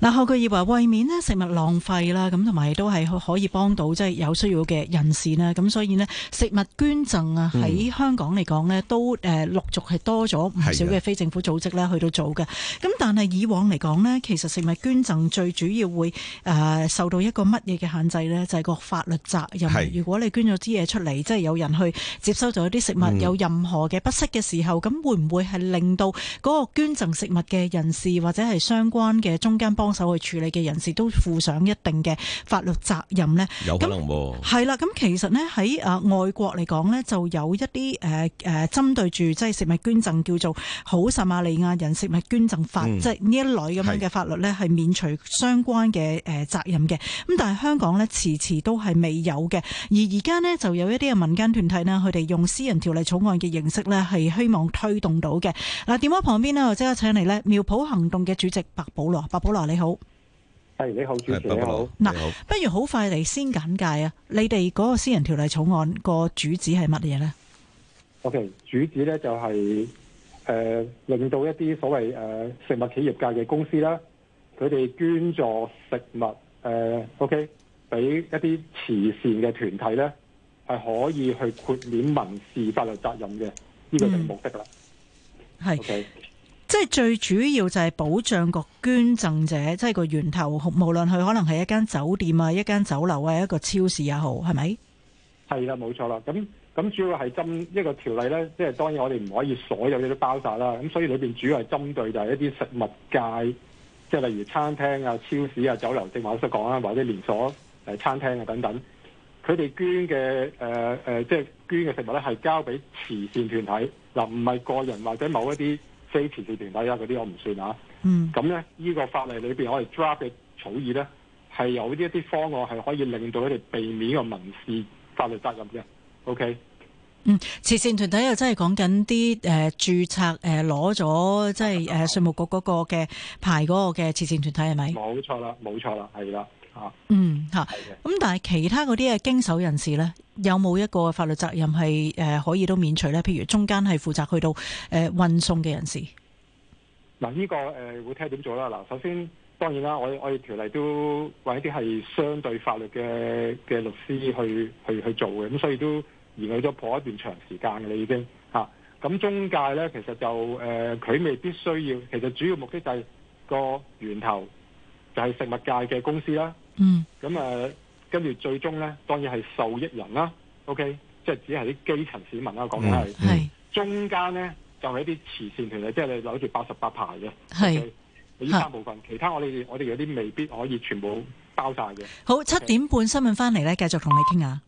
嗱，後佢以為為免呢食物浪費啦，咁同埋都係可以幫到即係有需要嘅人士啦。咁所以呢，食物捐贈啊，喺香港嚟講呢，嗯、都誒陸續係多咗唔少嘅非政府組織咧去到做嘅。咁的但係以往嚟講呢，其實食物捐贈最主要會誒、呃、受到一個乜嘢嘅限制呢？就係、是、個法律責任。是如果你捐咗啲嘢出嚟，即係有人去接收咗啲食物，嗯、有任何嘅不適嘅時候，咁會唔會係令到嗰個捐贈食物嘅人士或者係相關嘅中間幫幫手去處理嘅人士都負上一定嘅法律責任咧，有可能喎，係啦，咁其實咧喺誒外國嚟講咧，就有一啲誒誒針對住即係食物捐贈，叫做《好撒馬利亞人食物捐贈法》，即係呢一類咁樣嘅法律咧，係免除相關嘅誒責任嘅。咁但係香港咧，遲遲都係未有嘅。而而家咧就有一啲嘅民間團體咧，佢哋用私人條例草案嘅形式咧，係希望推動到嘅。嗱，電話旁邊咧，我即刻請嚟咧苗圃行動嘅主席白保羅，白保羅你。好，係你好，你好主持人你好。嗱，不如好快嚟先簡介啊，你哋嗰個私人條例草案個主旨係乜嘢咧？OK，主旨咧就係、是、誒、呃、令到一啲所謂誒、呃、食物企業界嘅公司啦，佢哋捐助食物誒 OK，俾一啲慈善嘅團體咧，係可以去豁免民事法律責任嘅，呢、這個就係目的啦。係、嗯。OK。即係最主要就係保障個捐贈者，即、就、係、是、個源頭，無論佢可能係一間酒店啊、一間酒樓啊、一個超市也好，係咪？係啦，冇錯啦。咁咁主要係針一、這個條例咧，即係當然我哋唔可以所有嘢都包晒啦。咁所以裏邊主要係針對就係一啲食物界，即係例如餐廳啊、超市啊、酒樓正話我所講啊，或者連鎖誒、呃、餐廳啊等等，佢哋捐嘅誒誒，即、呃、係、呃就是、捐嘅食物咧係交俾慈善團體嗱，唔、呃、係個人或者某一啲。非慈善團體啊，嗰啲我唔算嚇。嗯，咁咧呢個法例裏邊，我哋 drop 嘅草擬咧，係有呢一啲方案係可以令到佢哋避免個民事法律責任嘅。OK。嗯，慈善團體又真係講緊啲誒，註冊誒攞咗即係誒稅務局嗰個嘅牌嗰個嘅慈善團體係咪？冇錯啦，冇錯啦，係啦。嗯吓，咁、啊、的但係其他嗰啲誒經手人士咧，有冇一個法律責任係誒、呃、可以都免除咧？譬如中間係負責去到誒運、呃、送嘅人士，嗱呢、這個誒會睇下點做啦。嗱，首先當然啦，我我哋條例都揾一啲係相對法律嘅嘅律師去、嗯、去去做嘅，咁所以都延去咗頗一段長時間嘅啦，你已經吓。咁、啊嗯、中介咧，其實就誒佢、呃、未必需要，其實主要目的就係個源頭就係食物界嘅公司啦。嗯，咁誒，啊，跟住最終咧，當然係受益人啦。OK，即係只係啲基層市民啦，講緊係。係中間咧，就係、是、一啲慈善團體，即係你攞住八十八排嘅。係呢三部分，其他我哋我哋有啲未必可以全部包晒嘅。好，七點半新聞翻嚟咧，是，繼續同你傾下。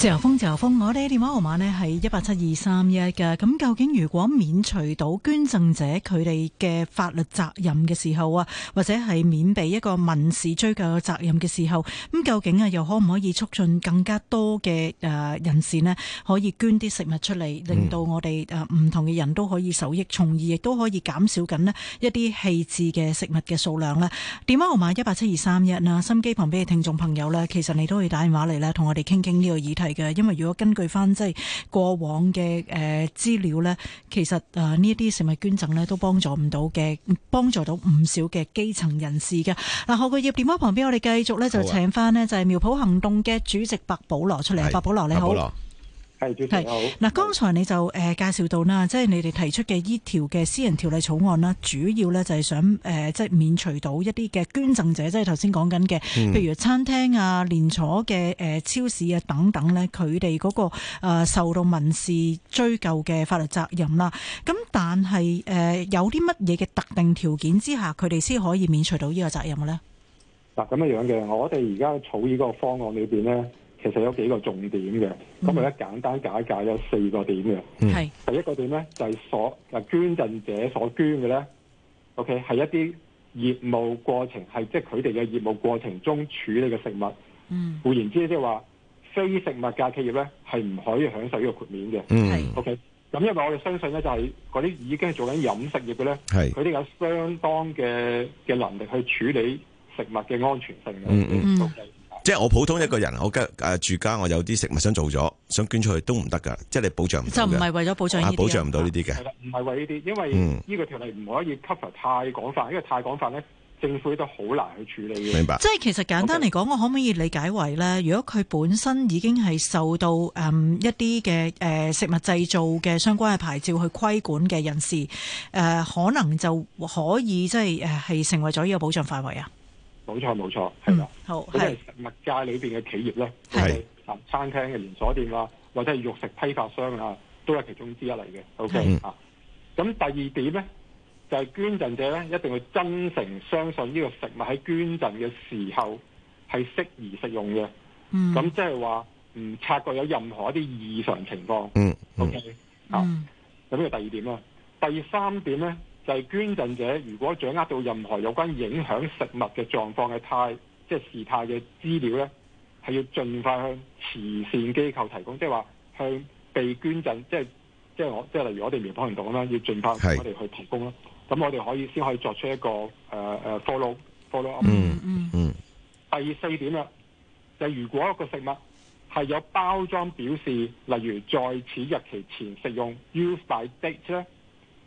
自由風，自由風，我哋電話號碼呢係一八七二三一嘅。咁究竟如果免除到捐贈者佢哋嘅法律責任嘅時候啊，或者係免被一個民事追究嘅責任嘅時候，咁究竟啊又可唔可以促進更加多嘅誒人士呢？可以捐啲食物出嚟，令到我哋誒唔同嘅人都可以受益，從而亦都可以減少緊呢一啲棄置嘅食物嘅數量呢？電話號碼一八七二三一啦，心機旁邊嘅聽眾朋友呢，其實你都可以打電話嚟呢，同我哋傾傾呢個議題。嘅，因為如果根據翻即係過往嘅誒資料咧，其實誒呢一啲食物捐贈咧都幫助唔到嘅，幫助到唔少嘅基層人士嘅。嗱，我嘅葉電話旁邊，我哋繼續咧就請翻呢就係苗圃行動嘅主席白保羅出嚟。啊、白保羅，你好。係，嗱，剛才你就誒介紹到啦，即係你哋提出嘅呢條嘅私人條例草案啦，主要咧就係想誒，即係免除到一啲嘅捐贈者，即係頭先講緊嘅，嗯、譬如餐廳啊、連鎖嘅誒、超市啊等等咧，佢哋嗰個受到民事追究嘅法律責任啦。咁但係誒有啲乜嘢嘅特定條件之下，佢哋先可以免除到呢個責任嘅咧？嗱，咁樣樣嘅，我哋而家草擬呢個方案裏邊咧。其實有幾個重點嘅，咁咪咧簡單解解咗四個點嘅。係、嗯嗯、第一個點咧，就係、是、所啊捐贈者所捐嘅咧，OK 係一啲業務過程係即係佢哋嘅業務過程中處理嘅食物。嗯，換言之即係話非食物界企業咧係唔可以享受呢個豁免嘅。嗯，嗯，OK 咁因為我哋相信咧就係嗰啲已經係做緊飲食業嘅咧，係佢哋有相當嘅嘅能力去處理食物嘅安全性嘅。嗯嗯。嗯 okay，嗯即係我普通一個人，我誒，住家，我有啲食物想做咗，想捐出去都唔得噶。即係你保障唔到，啊嗯，就唔係為咗保障保障唔到呢啲嘅，唔係為呢啲，因為呢個條例唔可以 cover 太廣泛，因為太廣泛咧，政府都好難去處理。明白。即係其實簡單嚟講，Okay. 我可唔可以理解為咧？如果佢本身已經係受到誒，一啲嘅誒，食物製造嘅相關嘅牌照去規管嘅人士，誒、呃、可能就可以即係誒係成為咗呢個保障範圍啊？冇錯冇錯，係啦。即係食物界裏邊嘅企業咧，即係是餐廳嘅連鎖店啦、啊，或者肉食批發商啊，都係其中之一嚟嘅。OK、嗯、啊，咁第二點咧，就係、是、捐贈者咧一定要真誠相信呢個食物喺捐贈嘅時候係適宜食用嘅。咁即係話唔察覺有任何一啲異常情況。OK 啊，咁呢個第二點啦、啊。第三點咧。係捐贈者，如果掌握到任何有關影響食物嘅狀況嘅態，即、即係、事態嘅資料咧，係要盡快向慈善機構提供，即係話向被捐贈即係即係我即係例如我哋苗圃行動啦，要盡快向我哋去提供啦。咁是我哋可以先可以作出一個誒誒、uh, follow follow up。嗯嗯嗯。嗯第四點啦，就係、如果一個食物係有包裝表示，例如在此日期前食用 use by date 咧。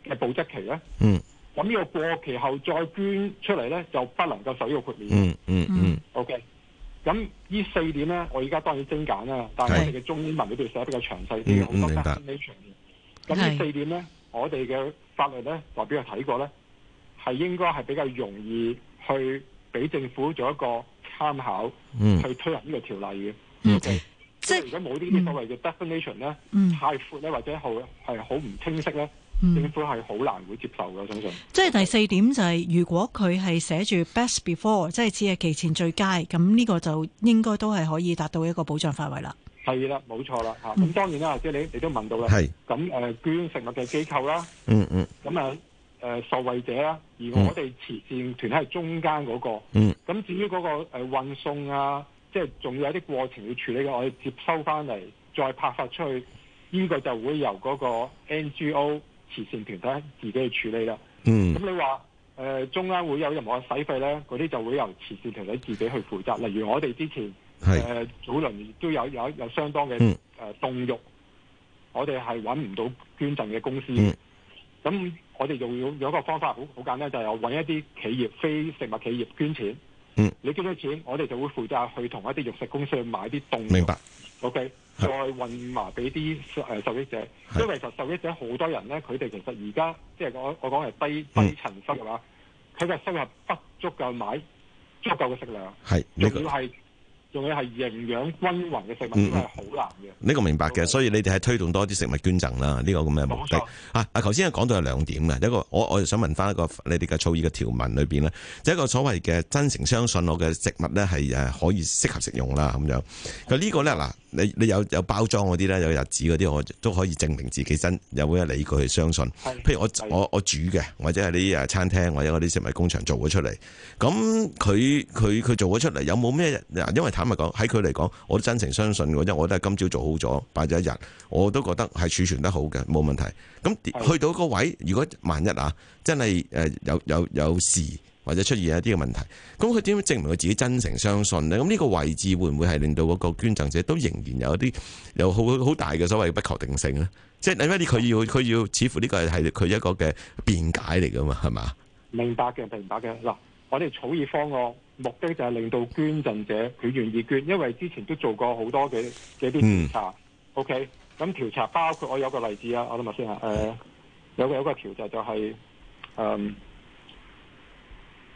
嘅保質期咧，嗯，咁呢個過期後再捐出嚟咧，就不能夠受呢個豁免。嗯，嗯嗯嗯，OK。咁呢四點咧，我而家當然精簡啦，但係我哋嘅中英文裏邊寫得比較詳細啲好是多 definition。咁呢四點咧，我哋嘅法律咧，代表人睇過咧，係是應該係比較容易去俾政府做一個參考，嗯、去推行呢個條例嘅，OK。即係如果冇呢啲所謂嘅 definition 咧，嗯、太闊咧，或者係係好唔清晰咧。嗯、政府係好難會接受嘅，相信。即係第四點就係、是，如果佢係寫住 best before，即係只係期前最佳，咁呢個就應該都係可以達到一個保障範圍啦。係啦，冇錯啦。吓、嗯，咁當然啦，嗯、即係你你都問到啦。係、嗯。咁誒、呃，捐食物嘅機構啦、嗯。嗯嗯。咁啊，誒、呃、受惠者啦，而我哋慈善團體係中間嗰、那個。嗯。咁至於嗰、那個誒、呃、運送啊，即係仲要有啲過程要處理嘅，我哋接收翻嚟再派發出去，應該就會由嗰個 NGO。慈善團體自己去處理啦。嗯，咁你話誒、呃、中間會有任何嘅使費咧？嗰啲就會由慈善團體自己去負責。例如我哋之前誒是、呃、早輪都有有有相當嘅誒、嗯呃、凍肉，我哋係揾唔到捐贈嘅公司。咁、嗯、我哋就有有一個方法，好好簡單，就係我揾一啲企業，非食物企業捐錢。嗯，你捐咗錢，我哋就會負責去同一啲肉食公司去買啲凍。明白。O K。是再混埋俾啲受益者，是因為其實受益者好多人咧，佢哋其實而家即係我我講係低、嗯、低層收入嘅話，佢嘅收入不足夠買足夠嘅食糧，係，你要係。仲要係營養均衡嘅食物好難嘅，呢、嗯，這個明白嘅，所以你哋係推動多啲食物捐贈啦，呢個咁嘅目的錯啊！啊，頭先講到有兩點嘅，一個我我就想問翻一個你哋嘅草案嘅條文裏邊咧，即係一個所謂嘅真誠相信我嘅食物呢係可以適合食用啦咁樣。佢呢的個呢，嗱，你你有有包裝嗰啲呢，有日子嗰啲我都可以證明自己真有咩理據去相信。的譬如我的我我煮嘅，或者係啲餐廳或者嗰啲食物工場做咗出嚟，咁佢佢佢做咗出嚟有冇咩因為咁咪講喺佢嚟講，我都真誠相信嘅，因為我都係今朝做好咗，擺咗一日，我都覺得係儲存得好嘅，冇問題。咁去到個位，如果萬一啊，真係誒有有有事或者出現一啲嘅問題，咁佢點樣證明佢自己真誠相信呢？咁呢個位置會唔會係令到個捐贈者都仍然有一啲有好好大嘅所謂不確定性呢？即係你為佢要佢要，要，似乎呢個係佢一個嘅辯解嚟嘅嘛，係咪？明白嘅，明白嘅。嗱，我哋草擬方案。目的就係令到捐贈者佢願意捐，因為之前都做過好多嘅嘅啲調查。嗯、OK，咁調查包括我有個例子啊，我諗下先啊。誒、呃，有個有個調查就係、是、誒、呃，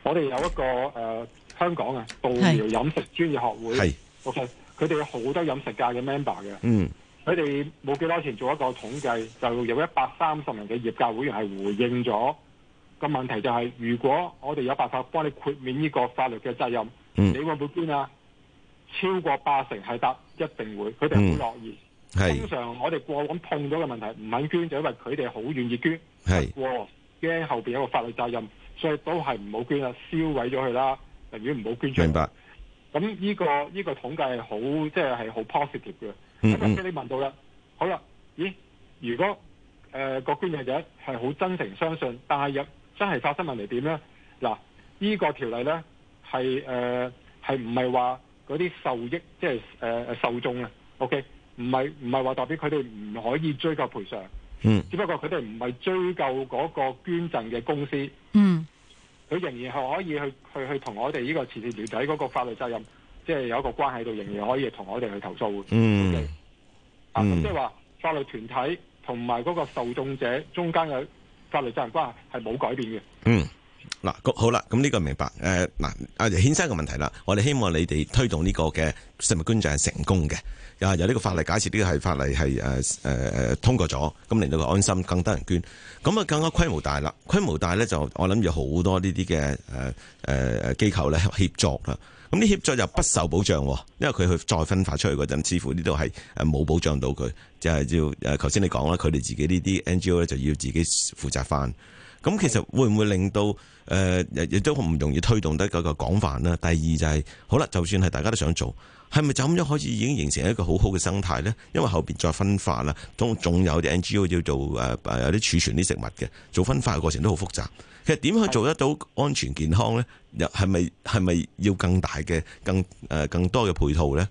我哋有一個誒、呃、香港啊，稻苗飲食專業學會。OK，佢哋有好多飲食界嘅 member 嘅。嗯，佢哋冇幾多錢做一個統計，就有一百三十人嘅業界會員係回應咗。個問題就係、是，如果我哋有辦法幫你豁免呢個法律嘅責任，嗯、你會唔會捐啊？超過八成係答一定會，佢哋好樂意。嗯、通常我哋過咁碰到嘅問題，唔肯捐就因為佢哋好願意捐，不是過驚後面有個法律責任，所以都係唔好捐呀，燒毀咗佢啦。寧願唔好捐咗。明白。咁呢、這個呢、這個統計係好即係係好 positive 嘅。咁、就是嗯、你問到啦，好啦，咦？如果誒個、呃、捐嘅者係好真誠相信，但係真係發生問題點咧？嗱，呢、這個條例咧係誒係唔係話嗰啲受益即係誒、呃、受眾啊？OK，唔係唔係話代表佢哋唔可以追究賠償，嗯，只不過佢哋唔係追究嗰個捐贈嘅公司，嗯，佢仍然係可以去去去同我哋呢個慈善團體嗰個法律責任，即、就、係、是、有一個關係度，仍然可以同我哋去投訴嘅、okay? 嗯，嗯，啊，即係話法律團體同埋嗰個受眾者中間嘅。法律責任關係係冇改變嘅。嗯，嗱，好啦，咁呢個明白。誒、呃，嗱、呃，阿、呃、先生嘅問題啦，我哋希望你哋推動呢個嘅食物捐贈係成功嘅。啊，由呢個法例解釋，呢、這個係法例係誒、呃呃、通過咗，咁令到佢安心，更得人捐。咁啊，更加規模大啦，規模大咧就我諗有好多呢啲嘅誒誒誒機構咧協作啦。咁啲協作就不受保障，因為佢去再分發出去嗰陣，似乎呢度係冇保障到佢，就係、是、要誒頭先你講啦，佢哋自己呢啲 NGO 就要自己負責翻。咁其實會唔會令到誒亦、呃、都唔容易推動得嗰個廣泛啦，第二就係、是、好啦，就算係大家都想做，係咪就咁樣開始已經形成一個好好嘅生態咧？因為後面再分發啦，仲仲有啲 NGO 要做誒有啲儲存啲食物嘅，做分發嘅過程都好複雜。其實點樣去做得到安全健康咧？又係咪係咪要更大嘅、更誒、呃、更多嘅配套咧？誒、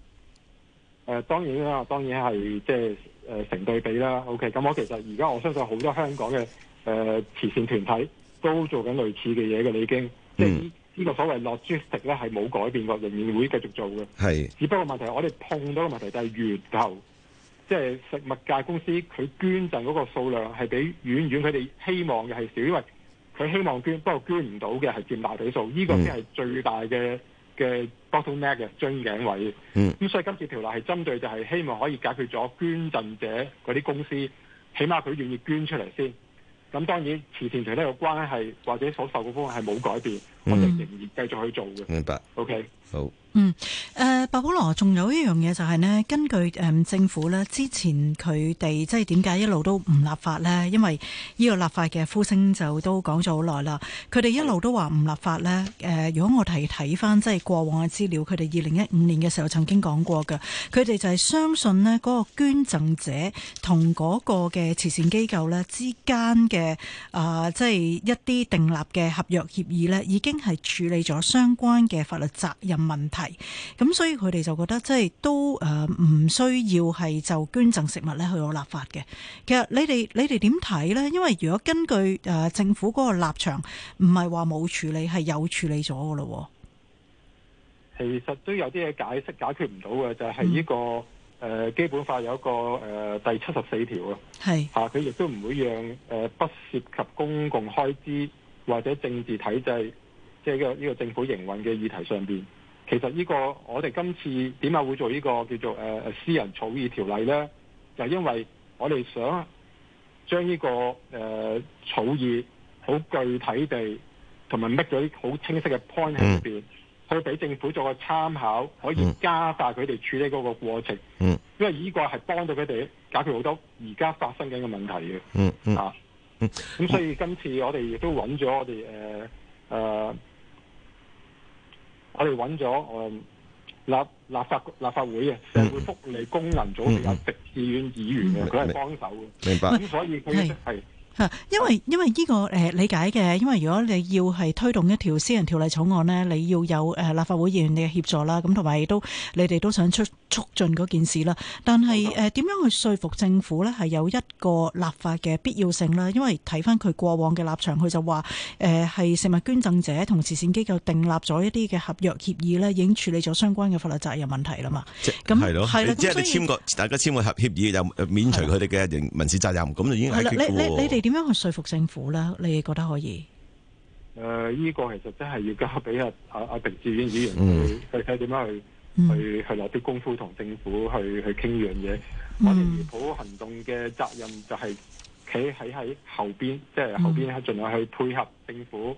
呃，當然啦，當然係即係誒成對比啦。OK，咁我其實而家我相信好多香港嘅、誒、呃、慈善團體都做緊類似嘅嘢嘅，你已經即係呢個所謂 logistics 咧，係冇改變過，仍然會繼續做嘅。係是，只不過問題係我哋碰到嘅問題就係源頭，即、就、係、是、食物價公司佢捐贈嗰個數量係比遠遠佢哋希望嘅係少，因為。佢希望捐，捐不過捐唔到嘅係佔大比數，呢、嗯、個先係最大嘅嘅 bottleneck 嘅樽頸位。咁、嗯、所以今次條例係針對就係希望可以解決咗捐贈者嗰啲公司，起碼佢願意捐出嚟先。咁當然慈善團體嘅關係或者所受嗰方係冇改變，我哋仍然繼續去做嘅。明白，OK，好嗯白、就是。嗯，誒，白保羅，仲有一樣嘢就係呢：根據誒政府呢，之前佢哋即係點解一路都唔立法呢？因為呢個立法嘅呼聲就都講咗好耐啦。佢哋一路都話唔立法呢。誒、呃，如果我提睇翻即係過往嘅資料，佢哋二零一五年嘅時候曾經講過嘅，佢哋就係相信呢嗰個捐贈者同嗰個嘅慈善機構呢之間嘅啊、呃，即係一啲訂立嘅合約協議呢已經。係處理咗相關嘅法律責任問題，咁所以佢哋就覺得即係都誒唔需要係就捐贈食物咧去立法嘅。其實你哋你哋點睇咧？因為如果根據誒政府嗰個立場，唔係話冇處理，係有處理咗噶咯。其實都有啲嘢解釋解決唔到嘅，就係、是，呢個誒基本法有一個誒第七十四條咯。係吓是，佢亦都唔會讓誒不涉及公共開支或者政治體制。呢、這個呢、這個政府營運嘅議題上邊，其實呢、這個我哋今次點解會做呢、這個叫做誒、呃、私人草擬條例咧？就因為我哋想將呢、這個誒、呃、草擬好具體地，同埋搣咗啲好清晰嘅 point 喺入邊，嗯、去俾政府做個參考，可以加快佢哋處理嗰個過程。嗯、因為呢個係幫到佢哋解決好多而家發生緊嘅問題嘅、嗯。嗯嗯啊，咁、嗯、所以今次我哋亦都揾咗我哋誒誒。呃呃我哋揾咗誒立立法立法會嘅社會福利功能組別嘅直選議員嘅，佢係幫手嘅。明白。咁所以係係嚇，因為因為呢個誒理解嘅，因為如果你要係推動一條私人條例草案呢，你要有誒立法會議員嘅協助啦，咁同埋亦都你哋都想出。促進嗰件事啦，但係誒，點樣去說服政府咧，係有一個立法嘅必要性咧？因為睇翻佢過往嘅立場，佢就話誒，係食物捐贈者同慈善機構訂立咗一啲嘅合約協議咧，已經處理咗相關嘅法律責任問題啦嘛。咁係咯，即係你簽個大家簽個合協議就免除佢哋嘅民事責任，咁就已經係 OK 嘅。你你你哋點樣去說服政府咧？你哋覺得可以？誒，呢個其實真係要交俾阿阿阿狄志遠議員佢佢睇點樣去。嗯、去去落啲功夫同政府去去傾呢樣嘢，嗯、我哋苗圃行動嘅責任就係企喺喺後邊，即係後邊盡量去配合政府。嗯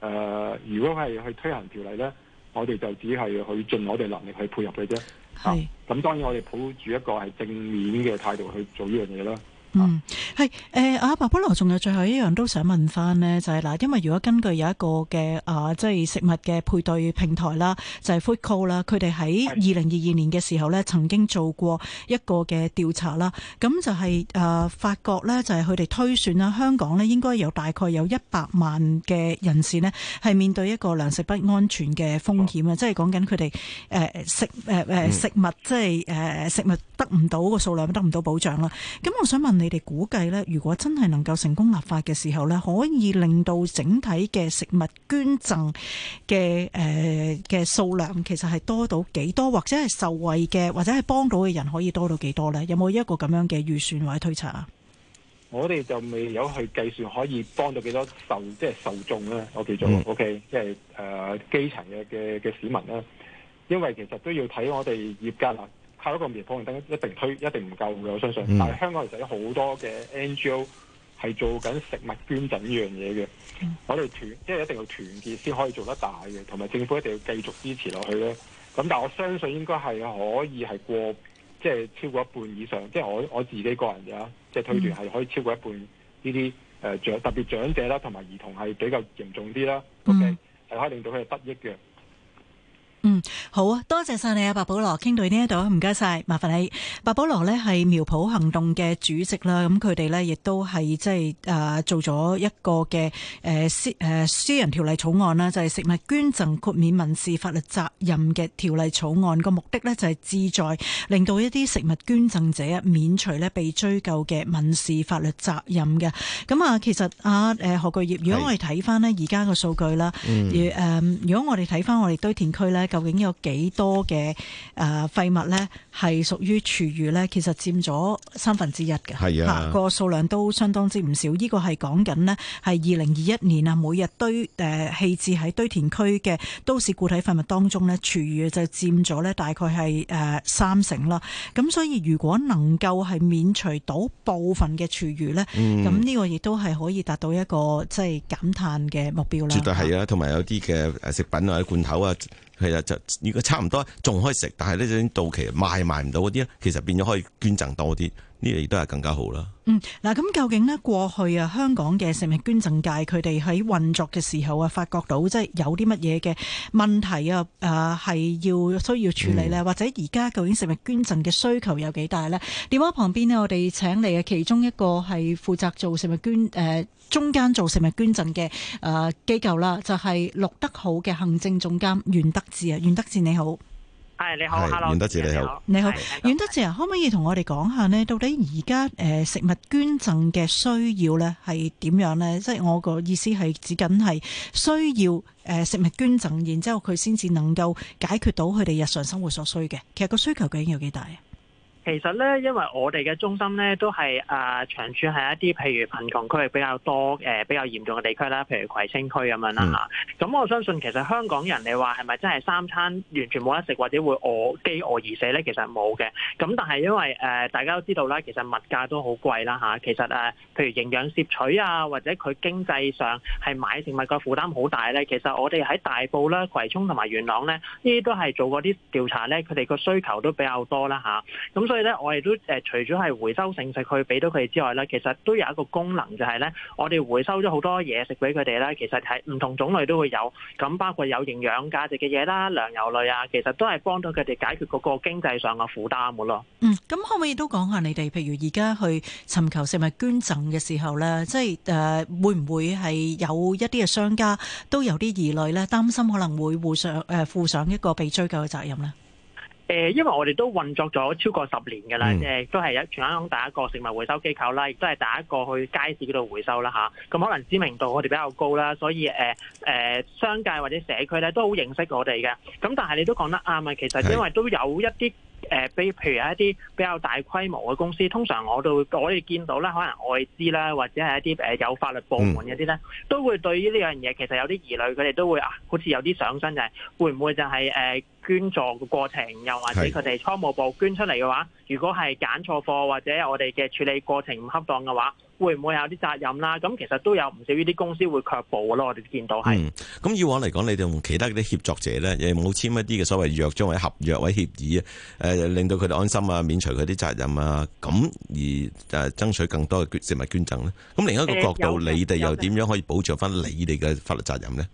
呃、如果係去推行條例咧，我哋就只係去盡我哋能力去配合佢啫。咁係、啊、當然我哋抱住一個係正面嘅態度去做呢樣嘢啦。嗯，係誒，阿、啊、白保羅仲有最後一樣都想問翻咧，就係、是、嗱，因為如果根據有一個嘅啊，即、就、係、是、食物嘅配對平台啦，就係 FoodCo 啦，佢哋喺二零二二年嘅時候咧，曾經做過一個嘅調查啦，咁就係誒發覺咧，就係佢哋推算啦，香港咧應該有大概有一百萬嘅人士咧，係面對一個糧食不安全嘅風險啊，即係講緊佢哋誒食誒誒、啊、食物即係誒食物得唔到個數量得唔到保障啦。咁我想問。你哋估計呢，如果真係能夠成功立法嘅時候呢，可以令到整體嘅食物捐贈嘅誒嘅數量，其實係多到幾多，或者係受惠嘅，或者係幫到嘅人可以多到幾多呢？有冇一個咁樣嘅預算或者推測啊？我哋就未有去計算可以幫到幾多受即係受眾啦，我叫做 OK，即係誒基層嘅嘅嘅市民啦，因為其實都要睇我哋業界啦。靠一個滅火器一定推一定唔夠嘅，我相信。嗯、但係香港其實有好多嘅 NGO 係做緊食物捐贈呢樣嘢嘅，我哋團即係一定要團結先可以做得大嘅，同埋政府一定要繼續支持落去咧。咁但係我相信應該係可以係過即係超過一半以上，即係我我自己個人嘅，即係推斷係可以超過一半呢啲誒長特別長者啦，同埋兒童係比較嚴重啲啦。OK 係。嗯、可以令到佢哋得益嘅。嗯，好啊，多謝晒你啊，白保羅，傾到呢一度，唔該晒，麻煩你。白保羅咧係苗圃行動嘅主席啦，咁佢哋咧亦都係即係誒做咗一個嘅誒私誒私人條例草案啦，就係、是、食物捐贈豁免民事法律責任嘅條例草案。個目的咧就係旨在令到一啲食物捐贈者免除咧被追究嘅民事法律責任嘅。咁啊，其實啊誒何巨業，如果我哋睇翻咧而家個數據啦，如誒是、嗯、如果我哋睇翻我哋堆填區咧。究竟有幾多嘅誒、呃、廢物呢？係屬於廚餘呢？其實佔咗三分之一嘅，係啊，個數量都相當之唔少。呢、呢個係講緊呢，係二零二一年啊，每日堆誒、呃、棄置喺堆填區嘅都市固體廢物當中呢，廚餘就佔咗呢，大概係誒、呃、三成啦。咁所以如果能夠係免除到部分嘅廚餘呢，咁呢、嗯、個亦都係可以達到一個即係減碳嘅目標啦。絕對係啊，同埋有啲嘅食品啊，或者罐頭啊。其實就如果差唔多，仲可以食，但係呢，已經到期賣賣唔到嗰啲，其實變咗可以捐贈多啲。呢個都係更加好啦。嗯，嗱，咁究竟呢過去啊，香港嘅食物捐贈界佢哋喺運作嘅時候啊，發覺到即係有啲乜嘢嘅問題啊？誒、呃，係要需要處理咧，嗯、或者而家究竟食物捐贈嘅需求有幾大咧？電話旁邊呢，我哋請嚟嘅其中一個係負責做食物捐誒、呃、中間做食物捐贈嘅誒、呃、機構啦，就係綠德好嘅行政總監袁德志啊，袁德志你好。係你好，哈囉，袁德志你好，你好，是 Hello, 袁德志，好可唔可以同我哋講下呢？到底而家誒食物捐贈嘅需要呢係點樣呢？即係我個意思係指緊係需要誒食物捐贈，然之後佢先至能夠解決到佢哋日常生活所需嘅。其實個需求究竟有幾大？其實咧，因為我哋嘅中心咧都係啊、呃，長住係一啲譬如貧窮區比較多、誒、呃、比較嚴重嘅地區啦，譬如葵青區咁樣啦咁、嗯、我相信其實香港人你話係咪真係三餐完全冇得食或者會餓飢餓而死咧？其實冇嘅。咁但係因為誒、呃，大家都知道啦，其實物價都好貴啦、啊、其實誒、呃，譬如營養攝取啊，或者佢經濟上係買食物個負擔好大咧。其實我哋喺大埔啦、啊、葵涌同埋元朗咧，呢啲都係做嗰啲調查咧，佢哋個需求都比較多啦咁、啊、所以。咧，我哋都誒，除咗係回收剩食去俾到佢哋之外咧，其實都有一個功能，就係咧，我哋回收咗好多嘢食俾佢哋咧，其實係唔同種類都會有，咁包括有營養價值嘅嘢啦、糧油類啊，其實都係幫到佢哋解決嗰個經濟上嘅負擔嘅咯。嗯，咁可唔可以都講下你哋，譬如而家去尋求食物捐贈嘅時候咧，即係誒、呃，會唔會係有一啲嘅商家都有啲疑慮咧，擔心可能會互相誒負上一個被追究嘅責任咧？誒，因為我哋都運作咗超過十年㗎啦，即係、嗯、都係全香港第一個食物回收機構啦，亦都係第一個去街市嗰度回收啦吓，咁可能知名度我哋比較高啦，所以誒、呃、商界或者社區咧都好認識我哋嘅。咁但係你都講得啱啊，其實因為都有一啲誒，是比譬如一啲比較大規模嘅公司，通常我都會我哋見到啦，可能外資啦，或者係一啲有法律部門嗰啲咧，都會對於呢樣嘢其實有啲疑慮，佢哋都會啊，好似有啲上心就係會唔會就係、是、誒？呃捐助嘅過程，又或者佢哋倉務部捐出嚟嘅話，是的如果係揀錯貨或者我哋嘅處理過程唔恰當嘅話，會唔會有啲責任啦？咁其實都有唔少呢啲公司會卻步咯。我哋見到係。咁、嗯、以往嚟講，你哋同其他啲協作者咧，也有冇簽一啲嘅所謂約章或者合約或者協議啊？誒、呃，令到佢哋安心啊，免除佢啲責任啊，咁而誒爭取更多嘅食物捐贈咧。咁另一個角度，呃、你哋又點樣可以保障翻你哋嘅法律責任呢？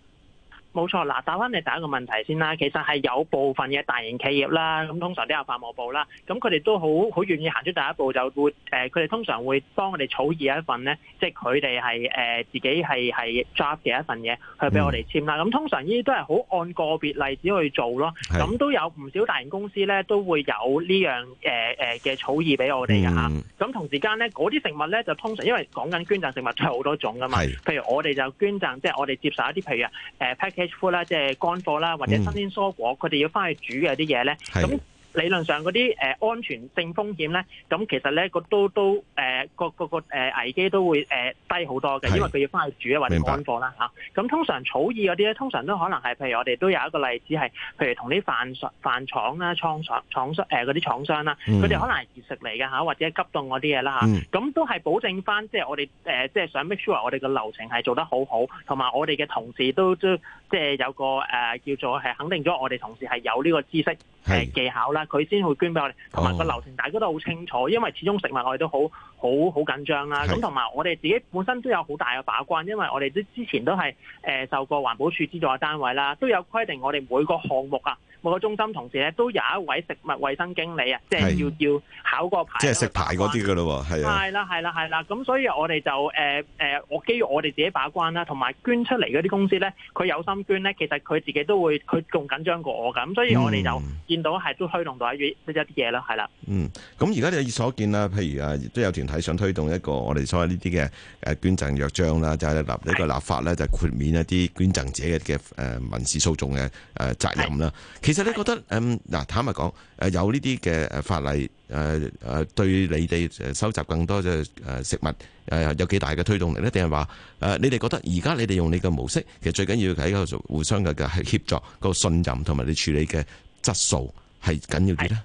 冇錯，嗱，答翻你第一個問題先啦。其實係有部分嘅大型企業啦，咁通常都有法務部啦。咁佢哋都好好願意行出第一步，就會誒，佢、呃、哋通常會幫我哋草擬一份咧，即係佢哋係誒自己係係 drop 嘅一份嘢，去俾我哋簽啦。咁通常呢啲都係好按個別例子去做咯。咁是都有唔少大型公司咧，都會有呢樣誒誒嘅草擬俾我哋㗎吓。咁、嗯、同時間咧，嗰啲食物咧就通常因為講緊捐贈食物，都係好多種噶嘛。是譬如我哋就捐贈，即、就、係、是、我哋接受一啲譬如啊誒、呃 package 啦，即係乾貨啦，或者新鮮蔬果，佢哋要翻去煮嘅啲嘢咧，咁。理論上嗰啲誒安全性風險咧，咁其實咧、呃、個都都誒個個個危機都會誒、呃、低好多嘅，因為佢要翻去煮啊或者乾貨啦。咁通常草料嗰啲咧，通常都可能係譬如我哋都有一個例子係，譬如同啲飯廠、廠啦、廠廠、呃、廠商嗰啲廠商啦，佢哋、嗯、可能係熱食嚟嘅，或者急凍嗰啲嘢啦。咁都係保證翻，即係我哋、呃、即係想 make sure 我哋個流程係做得好好，同埋我哋嘅同事都都即係有個誒、呃、叫做係肯定咗我哋同事係有呢個知識是、呃、技巧啦。佢先會捐俾我哋，同埋個流程大家都好清楚，因為始終食物我哋都好好好緊張啦。咁同埋我哋自己本身都有好大嘅把關，因為我哋都之前都係、呃、受過環保署資助嘅單位啦，都有規定我哋每個項目啊。我嘅中心同事咧都有一位食物衛生經理啊，即係要要考個牌，即係食牌嗰啲嘅咯，係啊關，係啦，係啦，係啦，咁所以我哋就誒誒，呃呃、基於我基於我哋自己把關啦，同埋捐出嚟嗰啲公司咧，佢有心捐咧，其實佢自己都會，佢仲緊張過我噶，咁所以我哋就見到係都推動到一啲嘢咯，係啦，嗯，咁而家你所見啦，譬如啊，都有團體想推動一個我哋所謂呢啲嘅誒捐贈約章啦，就係、是、立呢、這個立法咧，就豁免一啲捐贈者嘅嘅誒民事訴訟嘅誒責任啦，其實的其實你覺得，嗯，嗱，坦白講，誒，有呢啲嘅誒法例，誒誒，對你哋誒收集更多嘅誒食物，誒有幾大嘅推動力呢？定係話，誒，你哋覺得而家你哋用你嘅模式，其實最緊要係一個互相嘅嘅係協作，個信任同埋你處理嘅質素係緊要啲呢？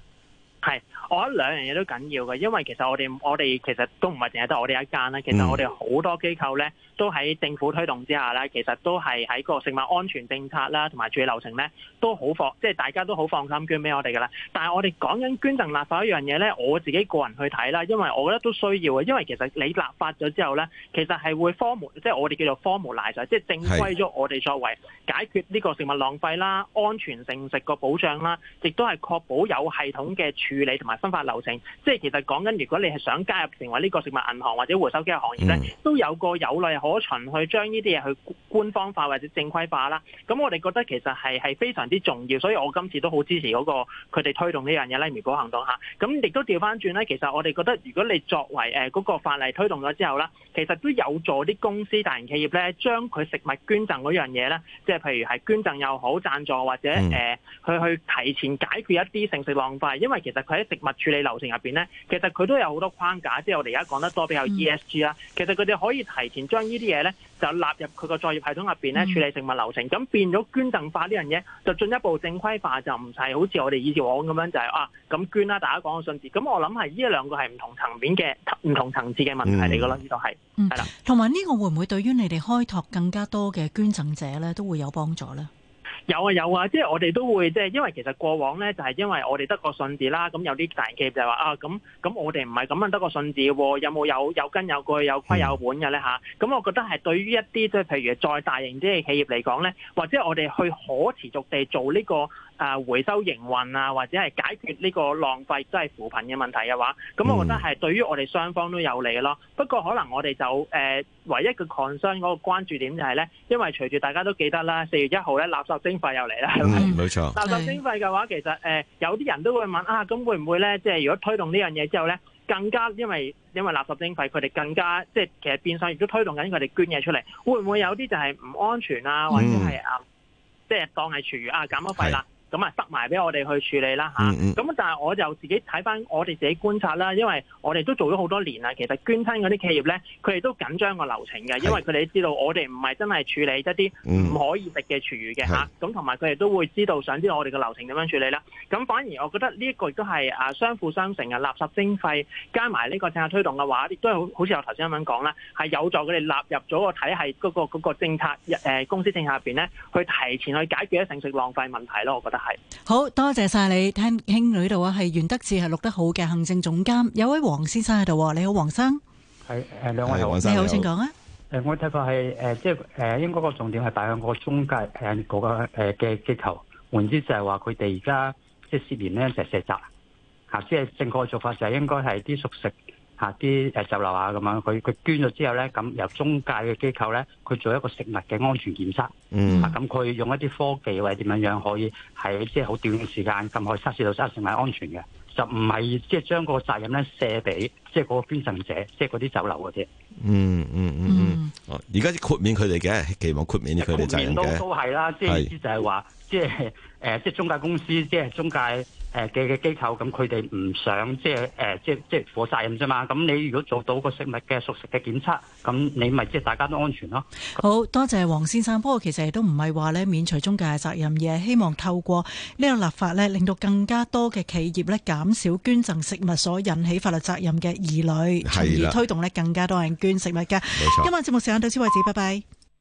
我覺得兩樣嘢都緊要嘅，因為其實我哋我哋其實都唔係淨係得我哋一間啦。其實我哋好多機構咧都喺政府推動之下咧，其實都係喺個食物安全政策啦同埋處理流程咧都好放，即係大家都好放心捐俾我哋㗎啦。但係我哋講緊捐贈立法一樣嘢咧，我自己個人去睇啦，因為我覺得都需要嘅，因為其實你立法咗之後咧，其實係會荒即係我哋叫做荒無賴在，即係正規咗我哋作為解決呢個食物浪費啦、安全性、食個保障啦，亦都係確保有系統嘅處理同埋。分法流程，即係其實講緊，如果你係想加入成為呢個食物銀行或者回收機嘅行業咧，都有個有例可循去將呢啲嘢去官方化或者正規化啦。咁我哋覺得其實係非常之重要，所以我今次都好支持嗰個佢哋推動呢樣嘢，呢苗圃行動下。咁亦都調翻轉咧，其實我哋覺得，如果你作為誒嗰個法例推動咗之後啦，其實都有助啲公司大型企業咧，將佢食物捐贈嗰樣嘢咧，即係譬如係捐贈又好，贊助或者誒、呃、去提前解決一啲剩食浪費，因為其實佢喺食。物處理流程入邊咧，其實佢都有好多框架，即係我哋而家講得多，比較 ESG 啦、嗯。其實佢哋可以提前將呢啲嘢咧，就納入佢個作業系統入邊咧，嗯、處理食物流程。咁變咗捐贈化呢樣嘢，就進一步正規化，就唔係好似我哋以前往咁樣，就係、是、啊咁捐啦，大家講個信字。咁我諗係呢一兩個係唔同層面嘅唔同層次嘅問題嚟噶咯，呢度係。嗯。係啦的，同埋呢個會唔會對於你哋開拓更加多嘅捐贈者咧，都會有幫助咧？有啊有啊，即係我哋都會即係，因為其實過往呢，就係、是、因為我哋得個信字啦，咁有啲大企業就係話啊，咁咁我哋唔係咁樣得個信字喎，有冇有有根有據有規有,有本嘅呢？吓、嗯，咁、啊、我覺得係對於一啲即係譬如再大型啲嘅企業嚟講呢，或者我哋去可持續地做呢、這個。誒、啊、回收營運啊，或者係解決呢個浪費即係扶貧嘅問題嘅話，咁我覺得係對於我哋雙方都有利嘅咯。嗯、不過可能我哋就誒、呃、唯一嘅 concern 嗰個關注點就係、是、咧，因為隨住大家都記得啦，四月一號咧垃圾徵費又嚟啦。嗯，冇錯。垃圾徵費嘅話，其實誒、呃、有啲人都會問啊，咁會唔會咧即係如果推動呢樣嘢之後咧，更加因為因為垃圾徵費佢哋更加即係其實變相亦都推動緊佢哋捐嘢出嚟，會唔會有啲就係唔安全啊，或者係、嗯、啊，即、就、係、是、當係廚餘啊減咗費啦？咁啊，塞埋俾我哋去處理啦嚇。咁、嗯、但係我就自己睇翻我哋自己觀察啦，因為我哋都做咗好多年啦。其實捐親嗰啲企業咧，佢哋都緊張個流程嘅，是因為佢哋知道我哋唔係真係處理一啲唔可以食嘅廚餘嘅嚇。咁同埋佢哋都會知道，想知道我哋嘅流程點樣處理啦。咁是反而我覺得呢一個亦都係啊相輔相成嘅垃圾徵費加埋呢個政策推動嘅話，亦都係好似我頭先咁樣講啦，係有助佢哋納入咗個體系嗰個政策誒、呃、公司政策入邊咧，去提前去解決一成剩餘浪費問題咯。我覺得。係是好多謝晒你聽兄女度啊。係袁德志係綠德好嘅行政總監。有位黃先生喺度，你好，黃生，係誒兩位黃生，你好，請講啊。誒、呃，我睇法係誒、呃就是呃呃那個呃，即係誒，應該個重點係擺喺個中介誒嗰個誒嘅機構，換、呃、之就係話佢哋而家即係涉嫌咧就卸責，吓，即係正確嘅做法就係應該係啲熟食。啊！啲誒酒樓啊，咁樣佢佢捐咗之後咧，咁由中介嘅機構咧，佢做一個食物嘅安全檢測。嗯。咁佢、啊、用一啲科技或者點樣樣，可以喺即係好短嘅時間咁可以測試到食物安全嘅，就唔係即係將個責任咧卸俾即係嗰個捐贈者，即係嗰啲酒樓嘅嗰啲。嗯嗯嗯嗯。哦、啊，而家啲豁免佢哋嘅，期望豁免佢哋責任、啊、都都係啦，即係意思就係話。即係誒，即係中介公司，即係中介誒嘅嘅機構，咁佢哋唔想即係誒，即係即係負責任啫嘛。咁你如果做到個食物嘅熟食嘅檢測，咁你咪即係大家都安全咯。好多謝黃先生。不過其實亦都唔係話咧免除中介嘅責任，而係希望透過呢個立法咧，令到更加多嘅企業咧減少捐贈食物所引起法律責任嘅疑慮，從而推動咧更加多人捐食物嘅。冇錯。今晚節目時間到此為止，拜拜。